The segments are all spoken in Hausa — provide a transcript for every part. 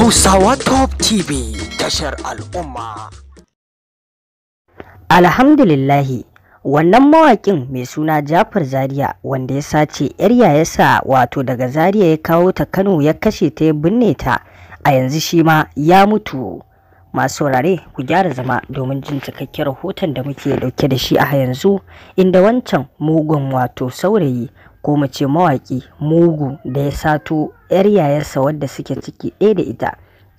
Hausawa Top TV tashar al'umma. Alhamdulillahi wannan mawaƙin mai suna Jafar Zaria wanda ya sace ‘yar yayasa wato daga Zaria ya kawo ta Kano ya kashe ta ya binne ta a yanzu shi ma ya mutu. Masu saurare ku gyara zama domin jin cikakken rahoton da muke dauke da shi a yanzu inda wancan mugun wato saurayi ko mu ce mawaƙi mugu da ya sato 'yar yayarsa wadda suke ciki ɗaya da ita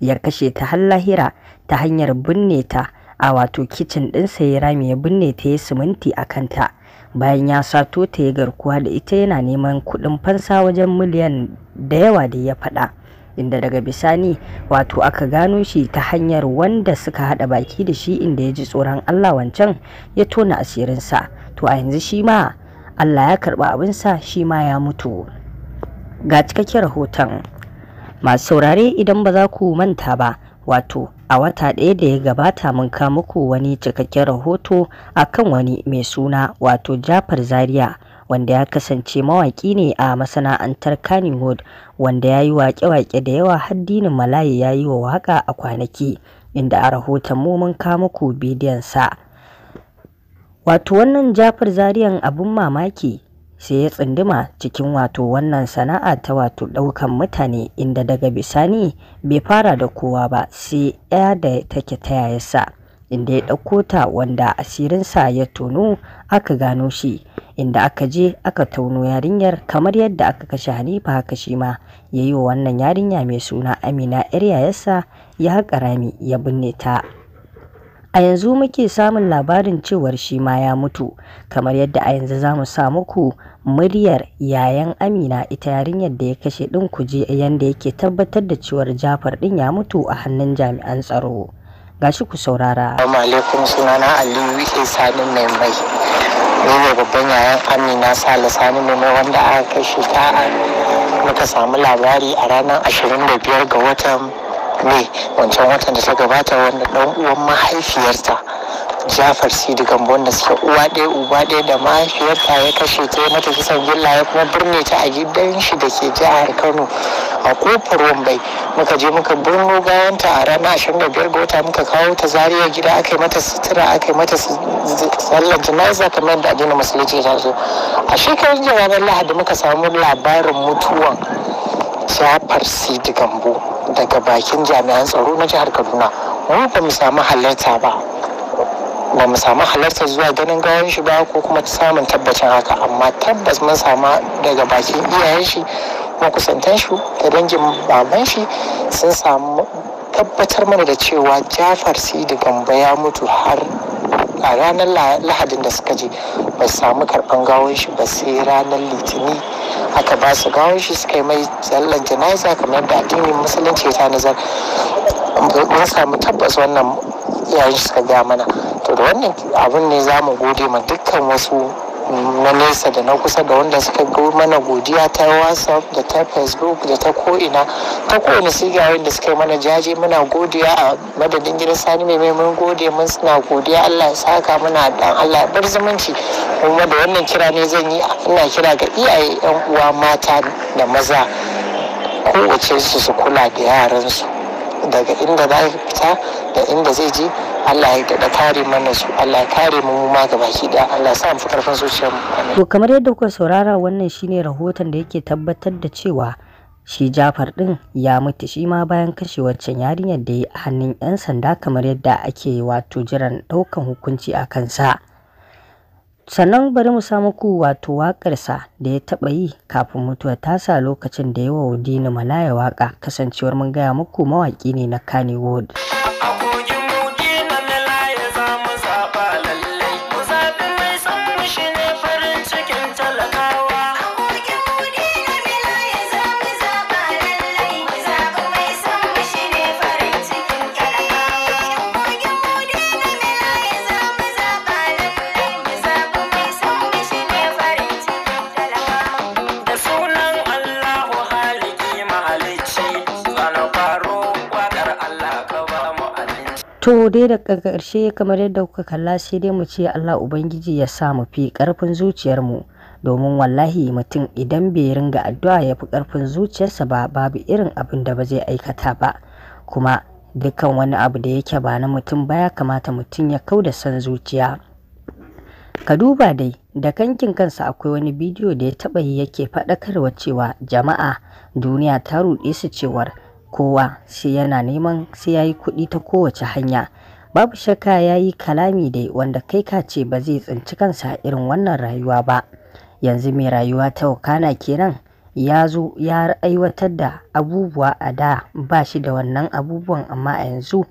ya kashe ta har lahira ta hanyar binne ta a wato kicin ɗinsa ya rami ya binne ta ya siminti a kanta bayan ya sato ta ya garkuwa da ita yana neman kuɗin fansa wajen miliyan da yawa da ya faɗa inda daga bisani wato aka gano shi ta hanyar wanda suka haɗa baki da shi inda ya ji tsoron allah wancan ya tona asirinsa to a yanzu shi ma Allah ya karɓi abinsa shi ma ya mutu ga cikakken rahoton masu saurare idan ba za ku manta ba wato a wata ɗaya da ya gabata mun ka muku wani cikakken rahoto kan wani mai suna wato jafar zaria wanda ya kasance mawaƙi ne a masana'antar kannywood wanda ya yi waƙe-waƙe da yawa haddinin malaye ya yi wa waƙa a kwanaki inda a rahoton mu mun ka muku sa. Wato wannan Jafar Zariyan abin mamaki sai ya tsunduma cikin wato wannan sana'a ta wato ɗaukan mutane inda daga bisani bai fara da kowa ba sai ɗaya da take ta yayarsa inda ya ɗauko ta wanda asirinsa ya tono aka gano shi inda aka je aka tauno yarinyar kamar yadda aka kashe Hanifa haka shi ma ya yi wa wannan yarinya mai suna Amina 'yar yayarsa ya haƙa rami ya binne ta. A yanzu muke samun labarin cewar shi ma ya mutu, kamar yadda a yanzu za mu sa muku muryar yayan Amina ita yarinyar da ya kashe ɗin kuje yadda yake tabbatar da cewar Jafar ɗin ya mutu a hannun jami'an tsaro. Gashi ku saurara. alaikum sunana Aliyu mai Ni ne babban yayan Amina Sale Sani mai wanda aka kashe ta muka samu labari a ranar 25 ga watan Mai wancan watan da ta gabata wanda dan uwan mahaifiyarta Jafar Sidi Gambo wanda suke uwa ɗaya uba ɗaya da mahaifiyarta ya kashe ta mata kisan gilla ya kuma birne ta a gidan shi da ke jihar Kano a kofar Wambai muka je muka birno gawanta a ranar biyar ga wata muka kawo ta zariya gida aka yi mata sutura aka yi mata sallar jana'iza kamar da addinin musulunci ta zo a shekarun ranar lahadi muka samu labarin mutuwan Jafar Sidi Gambo daga bakin jami'an tsaro na jihar kaduna mu ba mu samu halarta ba ba mu samu halarta zuwa ganin gawan shi ba ko kuma samun tabbacin haka amma tabbas mun sama daga bakin iyayen shi makusantan shi da dangin baban shi sun samu tabbatar mana da cewa jafar sidi gamba ya mutu har a ranar lahadin da suka je ba su samu karban gawon shi ba sai ranar litini aka ba su gawon shi suka yi mai tsallan jana'iza kamar da addinin musulunci ta nazar mun samu tabbas wannan yayin shi suka gaya mana to da wannan abin ne za mu gode ma dukkan wasu na nesa da na kusa da wanda suka ga mana godiya ta whatsapp da ta facebook da ta ko'ina ta kowane siga wanda suka yi mana jaje muna godiya a madadin gidan sani mai mun gode mun suna godiya allah ya saka muna dan allah bar zumunci kuma da wannan kira ne zan yi ina kira ga iyaye yan uwa mata da maza kowace su su kula da yaransu daga inda za fita da inda zai je Allah ya da kare mana su Allah ya kare mu mu ma gabaki da Allah sa mu karfin zuciyar mu to kamar yadda kuka saurara wannan shine rahoton da yake tabbatar da cewa shi Jafar din ya mutu shi ma bayan kashewar can yarinyar da ya hannun 'yan sanda kamar yadda ake wato jiran daukan hukunci a kansa. sannan bari mu samu ku wato waƙarsa da ya taɓa yi kafin mutuwa tasa lokacin da ya wa Odini Malaya waƙa kasancewar mun gaya muku mawaƙi ne na Kannywood. To dai da karshe kamar yadda kuka kalla sai dai mu ce Allah Ubangiji ya sa mu fi ƙarfin zuciyarmu domin wallahi mutum idan bai ringa addu'a ya fi ƙarfin zuciyarsa ba babu irin abin da ba zai aikata ba kuma dukkan wani abu da yake ba na mutum ba ya kamata mutum ya kau da san zuciya. Ka duba dai da kankin kansa akwai wani bidiyo da ya taɓa yi yake faɗakarwa cewa jama'a duniya ta ruɗe su cewar kowa shi yana neman sai ya yi kuɗi ta kowace hanya. Babu shakka ya yi kalami dai wanda kai ka ce ba zai tsinci kansa irin wannan rayuwa ba. Yanzu mai rayuwa ta Wakana kenan ya zo ya aiwatar da abubuwa a da ba shi da wannan abubuwan amma a yanzu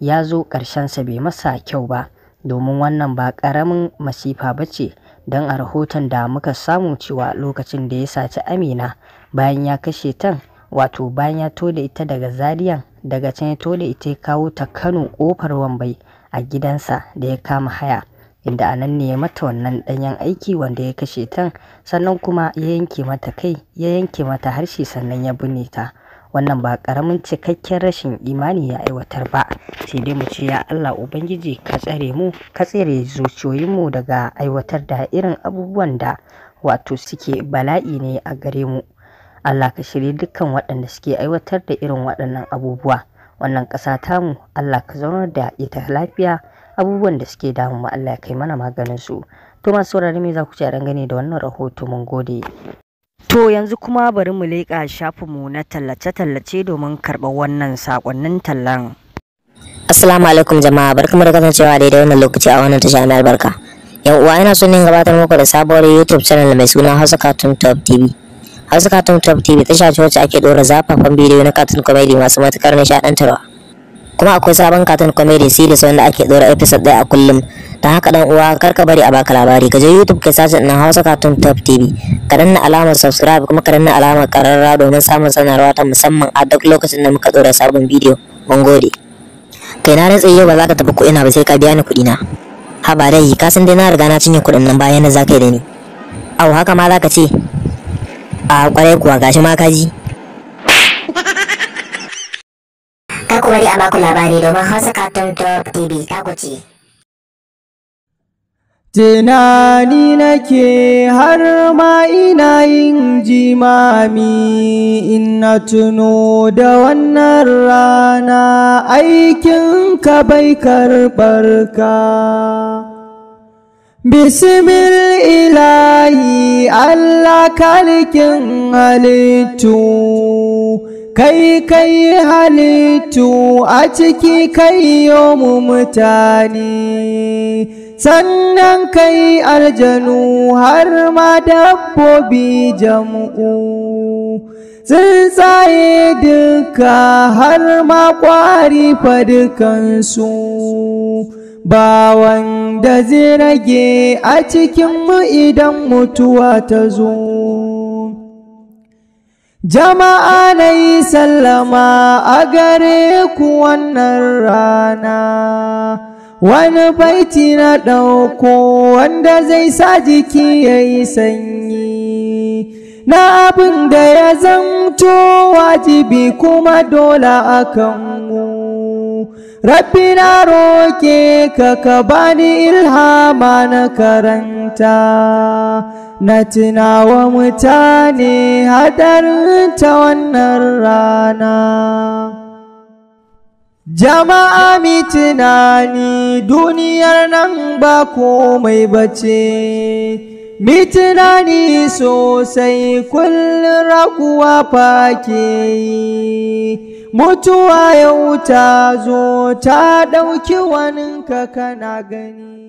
ya zo ƙarshensa bai masa kyau ba domin wannan ba ƙaramin masifa ba ce don a rahoton da muka samu cewa lokacin da ya saci Amina bayan ya kashe tan wato bayan ya tole ita daga Zariyan daga can ya tole ita ya kawo ta Kano ƙofar Wambai a gidansa da ya kama haya inda a nan ne ya mata wannan ɗanyen aiki wanda ya kashe ta sannan kuma ya yanke mata kai ya yanke mata harshe sannan ya binne ta wannan ba ƙaramin cikakken rashin imani ya aiwatar ba sai dai mu ce ya Allah ubangiji ka tsare mu ka tsare zuciyoyinmu daga aiwatar da irin abubuwan da wato suke bala'i ne a gare mu Allah ka shirye dukkan waɗanda suke aiwatar da irin waɗannan abubuwa. Wannan ƙasa tamu Allah ka zaunar da ita lafiya abubuwan da suke damu mu Allah ya kai mana maganin su. To masu saurare me za ku ci a dangane da wannan rahoto mun gode. To yanzu kuma bari mu leƙa mu na tallace-tallace domin karɓar wannan sakonnin tallan. Assalamu alaikum jama'a barkamu da kasancewa daidai wannan lokaci a wannan tashar albarka. Yan uwa ina son yin gabatar muku da sabuwar YouTube channel mai suna Hausa Cartoon Top TV. Hausa Cartoon Top TV tasha ce wacce ake ɗora zafafan bidiyo na cartoon comedy masu matukar nishadantarwa. Kuma akwai sabon cartoon comedy series wanda ake ɗora episode daya a kullum. Ta haka dan uwa kar ka bari a baka labari ka je YouTube ka sace na Hausa Cartoon Top TV. Ka danna alamar subscribe kuma ka danna alamar ƙararra domin samun sanarwa ta musamman a duk lokacin da muka ɗora sabon bidiyo. Mun gode. Kai na rantsa yau ba za ka tafi ko ina ba sai ka biya ni kuɗi na. Haba dai ka san dai na riga na cinye kuɗin nan bayan da za ka yi da ni. Au haka ma za ka ce a kwarai kuwa gashi ma kaji ka kuma bari a baku labari domin hausa Captain top tv ta ce Tunani nake har ma ina yin jimami ina tuno da wannan rana aikin ka bai karɓar ka. Bismillahi allah kalikin halittu kai kai halittu a ciki kai yomu mutane sannan kai aljanu har ma dabbobi jam'u tsuntsaye duka har ma kwari fa dukansu ba wanda zai rage a mu idan mutuwa ta zo jama'a na yi sallama a gare ku wannan rana wani baiti na ɗauko wanda zai sa jiki ya yi sanyi na abin da ya zanto wajibi kuma dole akan rabbi na roke ka ka bani ilhama na karanta na tunawa mutane hadarin ta wannan rana Jama'a mi tunani duniyar nan ba komai bace, mi tunani sosai kullum raguwa ke yi, mutuwa yau ta zo ta ɗauki waninka kana gani